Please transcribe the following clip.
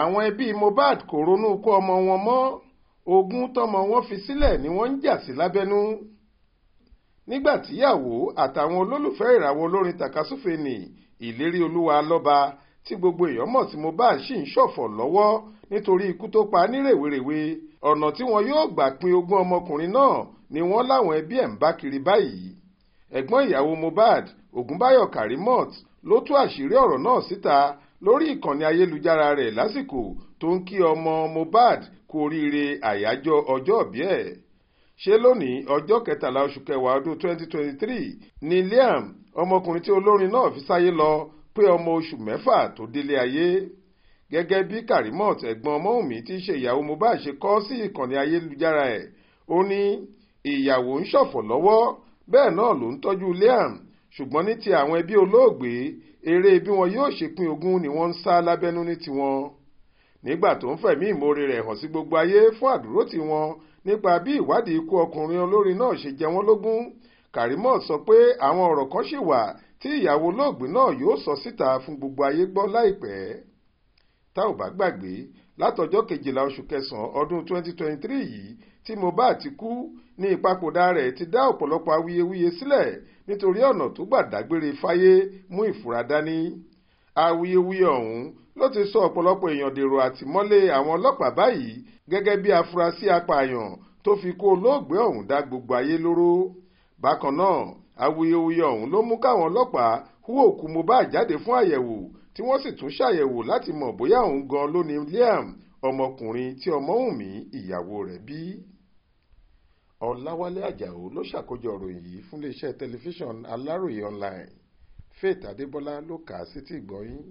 àwọn ẹbí Mohbad kò ronú ikú ọmọ wọn mọ́ ogún tọmọ wọn fi sílẹ̀ ni wọ́n ń jà sí lábẹ́nú nígbà tíyàwó àtàwọn olólùfẹ́ ìràwọ̀ olórin tàkasúfè ní ìlérí olúwa lọ́ba tí gbogbo èèyàn mọ̀ sí Mohbad sì ń ṣọ̀fọ̀ lọ́wọ́ nítorí ikú tó pa ní ọ̀nà tí wọn yóò gbà pin ogún ọmọkùnrin náà ni wọ́n láwọn ẹbí ẹ̀ ń bá kiri báyìí ẹ̀gbọ́n ìyàwó Mohbad Ògúnbáyọ̀ Karimot ló tú àṣírí ọ̀rọ̀ náà síta lórí ìkànnì ayélujára rẹ̀ lásìkò tó ń kí ọmọ Mohbad kú oríire àyájọ́ ọjọ́òbí ẹ̀ ṣe lónìí ọjọ́ kẹtàlá oṣù kẹwàá ọdún 2023 ni Liam ọmọkùnrin tí olórin náà fi sáyé lọ pé ọmọ oṣù mẹ́fà tó délé ayé gẹ́gẹ́ bí Karimot ẹ̀gbọ́n Mọ́wùmí tí í ṣe ìyàwó Mohbad ṣe kọ sí ìkànnì ayélujára ẹ̀ ó ní ìyàwó ń ṣọ̀fọ̀ lọ́wọ́ bẹ́ẹ̀ náà ló ń tọ́jú Liam ṣùgbọ́n ní ti àwọn ẹbí olóògbé eré bí wọn yóò ṣe pín ogún ni wọ́n ń sá lábẹ́nú ní tiwọn nígbà tó ń fẹ̀mí ìmoore rẹ̀ hàn sí gbogbo ayé fún àdúró tiwọn nípa bí ìwádìí ikú ọkùnrin olórin náà ṣe jẹ wọ́n lógún Karimot sọ pé àwọn ọ̀rọ̀ kan ṣì wà tí ìyàwó olóògbé náà yóò sọ síta fún gbogbo ayé gbọ́ láìpẹ́ tá ò bá gbàgbé látọjọ́ kejìlá oṣù kẹsàn-án ọdún 2023 yìí tí Mohbad ti kú ní ìpapòdà rẹ̀ ti dá ọ̀pọ̀lọpọ̀ awuyewuye sílẹ̀ nítorí ọ̀nà tó gbà dágbére fáyé mú ìfura dání awuyewuye ọ̀hún ló ti sọ ọ̀pọ̀lọpọ̀ èèyàn dèrò àtìmọ́lé àwọn ọlọ́pàá báyìí gẹ́gẹ́ bí afurasí apààyàn tó fi kó olóògbé ọ̀hún dá gbogbo ayé lóró bákan náà awuyewuye ọ̀hún ló mú káwọn ọlọ́pàá hú òkú Mohbad jáde fún àyẹ̀wò tí wọ́n sì tún ṣàyẹ̀wò láti mọ̀ bóyá òun gan ló ni Liam ọmọkùnrin tí Ọmọ́wùnmí ìyàwó rẹ̀ bí. Ọláwálé Àjàó ló ṣàkójọ ìròyìn yìí fún iléeṣẹ́ tẹlifíṣàn Aláròye online Faith Adébọ́lá ló kà á sétí ìgbọ́yín.